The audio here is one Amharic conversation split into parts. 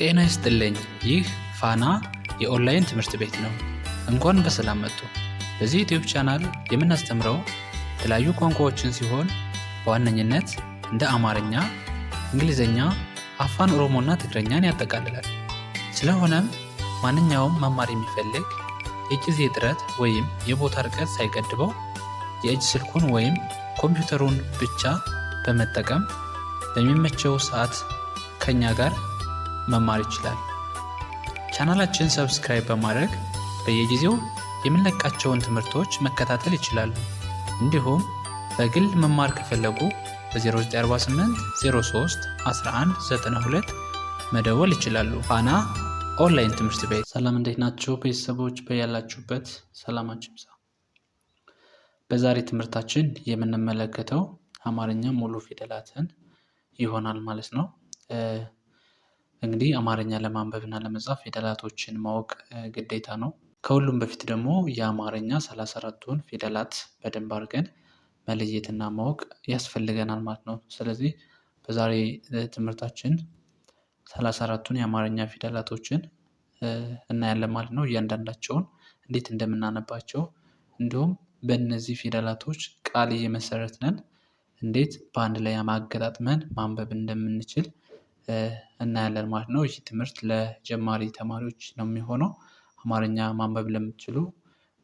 ጤና ይስጥልኝ። ይህ ፋና የኦንላይን ትምህርት ቤት ነው። እንኳን በሰላም መጡ። በዚህ ዩቲዩብ ቻናል የምናስተምረው የተለያዩ ቋንቋዎችን ሲሆን በዋነኝነት እንደ አማርኛ፣ እንግሊዝኛ፣ አፋን ኦሮሞና ትግረኛን ያጠቃልላል። ስለሆነም ማንኛውም መማር የሚፈልግ የጊዜ ጥረት ወይም የቦታ ርቀት ሳይገድበው የእጅ ስልኩን ወይም ኮምፒውተሩን ብቻ በመጠቀም በሚመቸው ሰዓት ከኛ ጋር መማር ይችላል። ቻናላችን ሰብስክራይብ በማድረግ በየጊዜው የምንለቃቸውን ትምህርቶች መከታተል ይችላሉ። እንዲሁም በግል መማር ከፈለጉ በ0948 03 11 መደወል ይችላሉ። ፋና ኦንላይን ትምህርት ቤት። ሰላም እንዴት ናቸው ቤተሰቦች? በያላችሁበት ሰላማችሁ ይብዛ። በዛሬ ትምህርታችን የምንመለከተው አማርኛ ሙሉ ፊደላትን ይሆናል ማለት ነው። እንግዲህ አማርኛ ለማንበብ እና ለመጻፍ ፊደላቶችን ማወቅ ግዴታ ነው። ከሁሉም በፊት ደግሞ የአማርኛ ሰላሳ አራቱን ፊደላት በደንብ አድርገን መለየትና ማወቅ ያስፈልገናል ማለት ነው። ስለዚህ በዛሬ ትምህርታችን ሰላሳ አራቱን የአማርኛ ፊደላቶችን እናያለን ማለት ነው። እያንዳንዳቸውን እንዴት እንደምናነባቸው እንዲሁም በእነዚህ ፊደላቶች ቃል እየመሰረትነን እንዴት በአንድ ላይ ማገጣጥመን ማንበብ እንደምንችል እናያለን ማለት ነው። ይህ ትምህርት ለጀማሪ ተማሪዎች ነው የሚሆነው። አማርኛ ማንበብ ለምትችሉ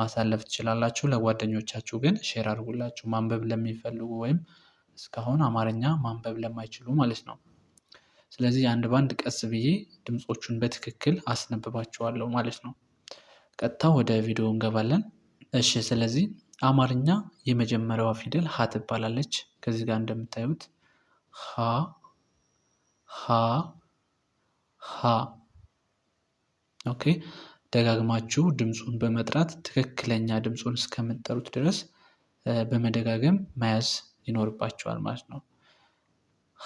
ማሳለፍ ትችላላችሁ። ለጓደኞቻችሁ ግን ሼር አድርጉላችሁ ማንበብ ለሚፈልጉ ወይም እስካሁን አማርኛ ማንበብ ለማይችሉ ማለት ነው። ስለዚህ አንድ ባንድ ቀስ ብዬ ድምፆቹን በትክክል አስነብባቸዋለሁ ማለት ነው። ቀጥታ ወደ ቪዲዮ እንገባለን። እሺ ስለዚህ አማርኛ የመጀመሪያዋ ፊደል ሀ ትባላለች። ከዚህ ጋር እንደምታዩት ሀ ሀ ሀ ኦኬ ደጋግማችሁ ድምፁን በመጥራት ትክክለኛ ድምፁን እስከምጠሩት ድረስ በመደጋገም መያዝ ይኖርባቸዋል ማለት ነው።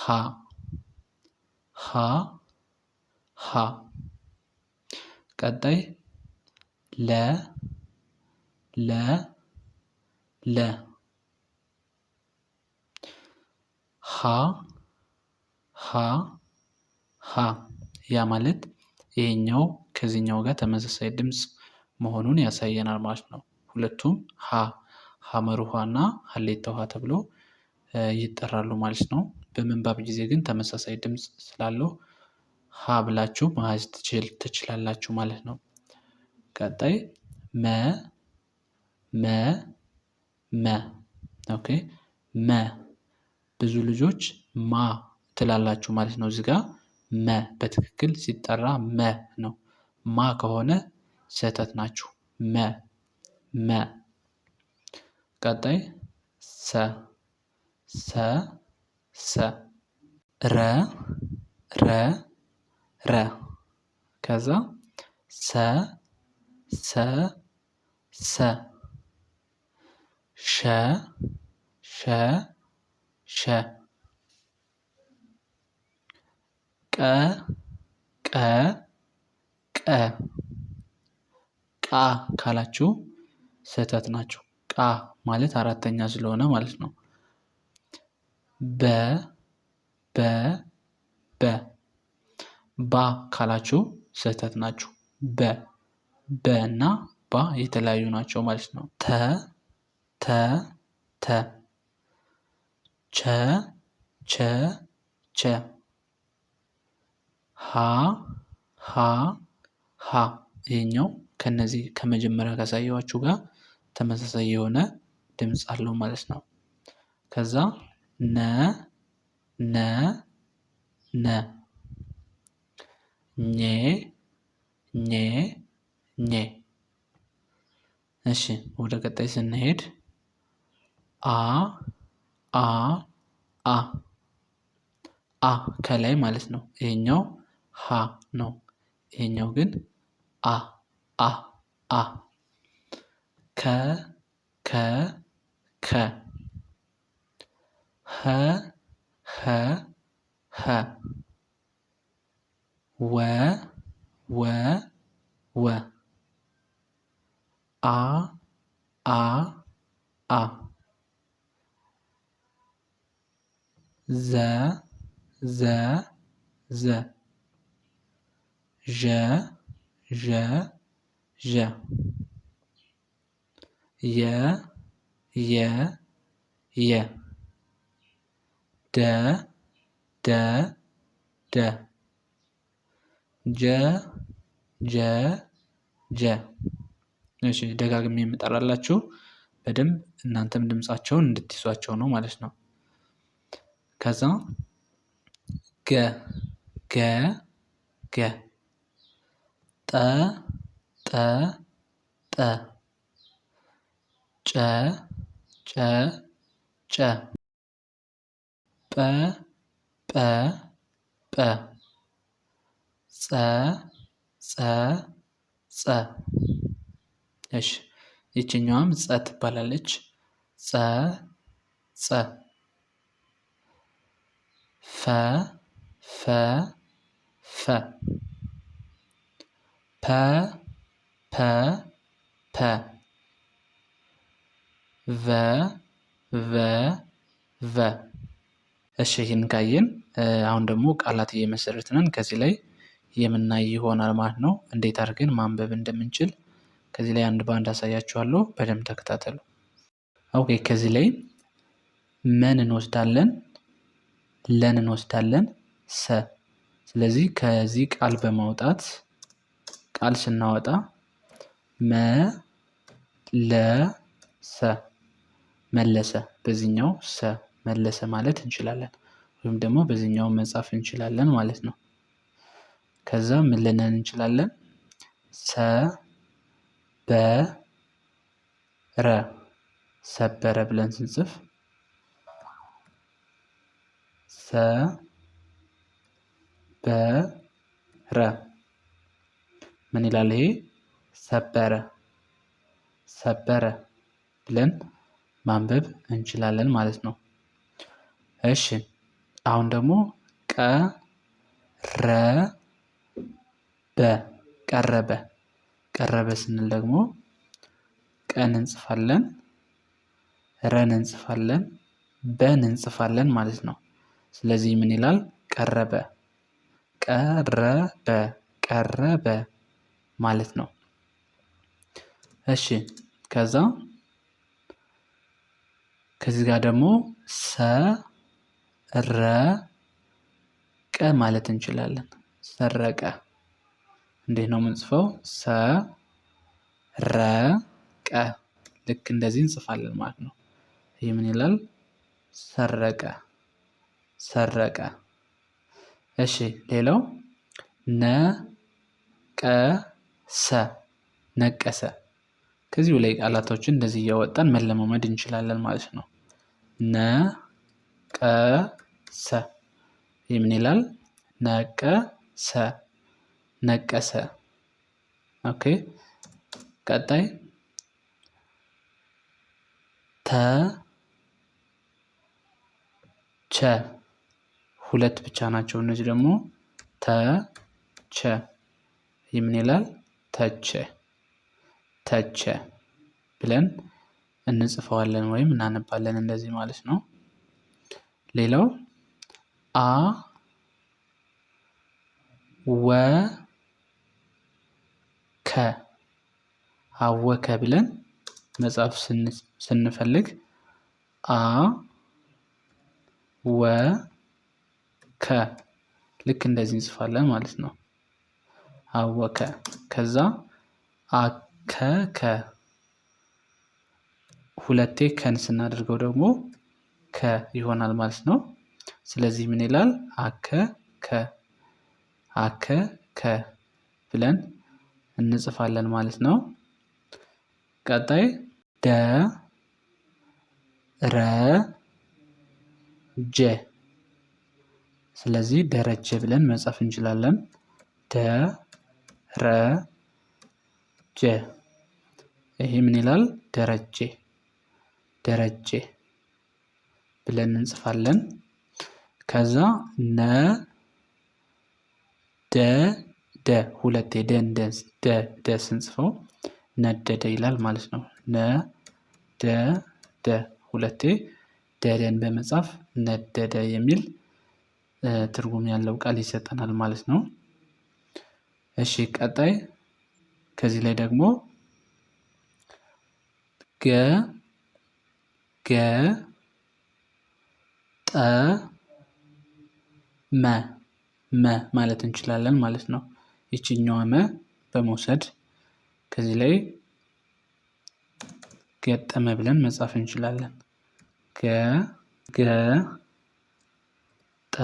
ሀ ሀ ሀ ቀጣይ ለ ለ ለ ሀ ሀ ሀ ያ ማለት ይሄኛው ከዚህኛው ጋር ተመሳሳይ ድምፅ መሆኑን ያሳየናል ማለት ነው። ሁለቱም ሀ ሀመር ውሃ እና ሀሌታ ውሃ ተብሎ ይጠራሉ ማለት ነው። በምንባብ ጊዜ ግን ተመሳሳይ ድምፅ ስላለው ሀ ብላችሁ መያዝ ትችላላችሁ ማለት ነው። ቀጣይ መ መ መ ኦኬ መ ብዙ ልጆች ማ ትላላችሁ ማለት ነው። እዚህ ጋር መ በትክክል ሲጠራ መ ነው። ማ ከሆነ ስህተት ናችሁ። መ መ ቀጣይ ሰ ሰ ሰ ረ ረ ረ ከዛ ሰ ሰ ሰ ሸ ሸ ሸ ቀ ቀ ቀ ቃ ካላችሁ ስህተት ናቸው። ቃ ማለት አራተኛ ስለሆነ ማለት ነው። በ በ በ ባ ካላችሁ ስህተት ናችሁ። በ በ እና ባ የተለያዩ ናቸው ማለት ነው። ተ ተ ተ ቸ ቸ ቸ ሀ ሀ ሀ ይሄኛው ከነዚህ ከመጀመሪያ ካሳየዋችሁ ጋር ተመሳሳይ የሆነ ድምፅ አለው ማለት ነው። ከዛ ነ ነ ነ ኘ ኘ ኘ። እሺ ወደ ቀጣይ ስንሄድ አ አ አ አ ከላይ ማለት ነው ይሄኛው ሀ ነው። ይሄኛው ግን አ አ አ ከ ከ ከ ሀ ሀ ሀ ወ ወ ወ አ አ አ ዘ ዘ ዘ ዠ ዠ ዠ የ የ የ ደ ደ ደ ጀ ጀ ጀ እሺ ደጋግሜ የምጠራላችሁ በደንብ እናንተም ድምፃቸውን እንድትይዟቸው ነው ማለት ነው። ከዛ ገ ገ ገ ጠ ጠ ጠ ጨ ጨ ጨ ጰ ጰ ጰ ጸ ጸ ጸ እሺ ይቺኛዋም ጸ ትባላለች። ጸ ጸ ፈ ፈ ፈ ፐ ፐ ፐ ቨ ቨ ቨ እሺ ይህን ካየን አሁን ደግሞ ቃላት እየመሰረትነን ከዚህ ላይ የምናይ ይሆናል ማለት ነው። እንዴት አድርገን ማንበብ እንደምንችል ከዚህ ላይ አንድ በአንድ አሳያችኋለሁ። በደንብ ተከታተሉ። ኦኬ ከዚህ ላይ መን እንወስዳለን፣ ለን እንወስዳለን፣ ሰ ስለዚህ ከዚህ ቃል በማውጣት ቃል ስናወጣ መለሰ መለሰ በዚህኛው ሰ መለሰ ማለት እንችላለን ወይም ደግሞ በዚህኛው መጻፍ እንችላለን ማለት ነው። ከዛ ምን ልንን እንችላለን? ሰ በ ረ ሰበረ ብለን ስንጽፍ ሰ በ ረ ምን ይላል ይሄ? ሰበረ ሰበረ ብለን ማንበብ እንችላለን ማለት ነው። እሺ አሁን ደግሞ ቀረበ ቀረበ ቀረበ ስንል ደግሞ ቀን እንጽፋለን፣ ረን እንጽፋለን፣ በን እንጽፋለን ማለት ነው። ስለዚህ ምን ይላል? ቀረበ ቀረበ ቀረበ ማለት ነው። እሺ ከዛ ከዚህ ጋር ደግሞ ሰ ረ ቀ ማለት እንችላለን። ሰረቀ እንዴት ነው የምንጽፈው? ቀ ልክ እንደዚህ እንጽፋለን ማለት ነው። ይህ ምን ይላል? ሰረቀ ሰረቀ። እሺ ሌላው ነቀ ሰ ነቀሰ። ከዚሁ ላይ ቃላቶችን እንደዚህ እያወጣን መለማመድ እንችላለን ማለት ነው። ነቀሰ ይህ ምን ይላል? ነቀሰ ነቀሰ። ኦኬ ቀጣይ ተቸ ሁለት ብቻ ናቸው። እነዚህ ደግሞ ተቸ ይህ ምን ይላል? ተቸ ተቸ ብለን እንጽፈዋለን ወይም እናነባለን እንደዚህ ማለት ነው። ሌላው አ ወ ከ አወከ ብለን መጻፍ ስንፈልግ አ ወ ከ ልክ እንደዚህ እንጽፋለን ማለት ነው። አወከ ከዛ አከከ ሁለቴ ከን ስናደርገው ደግሞ ከ ይሆናል ማለት ነው። ስለዚህ ምን ይላል? አከ ከ አከ ከ ብለን እንጽፋለን ማለት ነው። ቀጣይ ደ ረ ጀ ስለዚህ ደረጀ ብለን መጻፍ እንችላለን። ደ ረጀ ይሄ ምን ይላል? ደረጀ ደረጀ ብለን እንጽፋለን። ከዛ ነ ደ ደ ሁለቴ ደን ደ ደ ስንጽፈው ነደደ ይላል ማለት ነው። ነ ደ ደ ሁለቴ ደደን በመጻፍ ነደደ የሚል ትርጉም ያለው ቃል ይሰጠናል ማለት ነው። እሺ ቀጣይ ከዚህ ላይ ደግሞ ገ ገ ጠ መ መ ማለት እንችላለን ማለት ነው። ይችኛዋ መ በመውሰድ ከዚህ ላይ ገጠመ ብለን መጻፍ እንችላለን። ገ ገ ጠ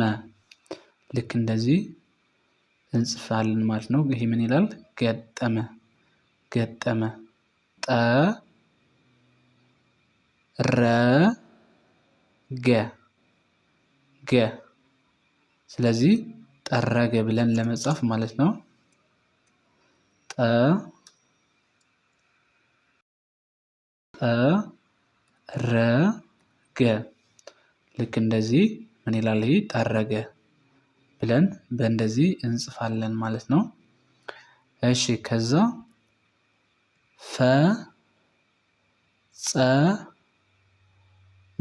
መ ልክ እንደዚህ እንጽፋለን ማለት ነው። ይሄ ምን ይላል? ገጠመ ገጠመ ጠ ረ ገ ገ ስለዚህ ጠረገ ብለን ለመጻፍ ማለት ነው። ጠ ጠ ረ ገ ልክ እንደዚህ ምን ይላል? ይሄ ጠረገ ብለን በእንደዚህ እንጽፋለን ማለት ነው። እሺ ከዛ ፈ ጸ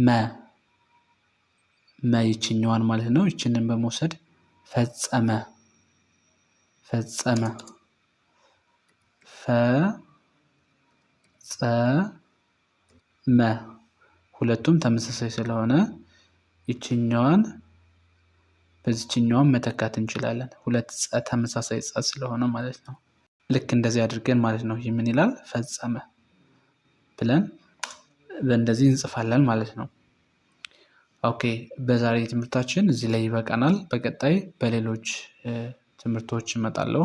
መ መ ይችኛዋን ማለት ነው። ይችንን በመውሰድ ፈጸመ ፈጸመ ፈ ጸ መ ሁለቱም ተመሳሳይ ስለሆነ ይችኛዋን በዚችኛውም መተካት እንችላለን። ሁለት ተመሳሳይ ፀ ስለሆነ ማለት ነው። ልክ እንደዚህ አድርገን ማለት ነው። ይህ ምን ይላል? ፈጸመ ብለን በእንደዚህ እንጽፋለን ማለት ነው። ኦኬ በዛሬ ትምህርታችን እዚህ ላይ ይበቃናል። በቀጣይ በሌሎች ትምህርቶች እመጣለሁ።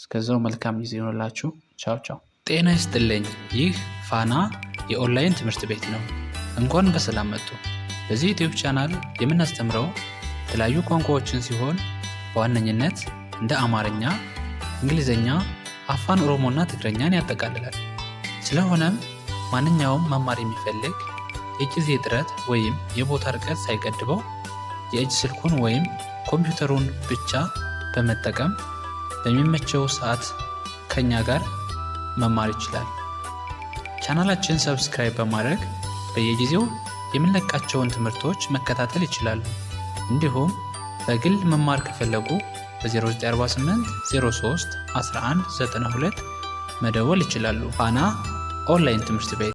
እስከዛው መልካም ጊዜ ይሆንላችሁ። ቻው ቻው። ጤና ይስጥልኝ። ይህ ፋና የኦንላይን ትምህርት ቤት ነው። እንኳን በሰላም መጡ። በዚህ ዩቲዩብ ቻናል የምናስተምረው የተለያዩ ቋንቋዎችን ሲሆን በዋነኝነት እንደ አማርኛ፣ እንግሊዝኛ፣ አፋን ኦሮሞና ትግረኛን ያጠቃልላል። ስለሆነም ማንኛውም መማር የሚፈልግ የጊዜ ጥረት ወይም የቦታ ርቀት ሳይገድበው የእጅ ስልኩን ወይም ኮምፒውተሩን ብቻ በመጠቀም በሚመቸው ሰዓት ከኛ ጋር መማር ይችላል። ቻናላችን ሰብስክራይብ በማድረግ በየጊዜው የምንለቃቸውን ትምህርቶች መከታተል ይችላሉ። እንዲሁም በግል መማር ከፈለጉ በ0948 03 11 92 መደወል ይችላሉ። ፋና ኦንላይን ትምህርት ቤት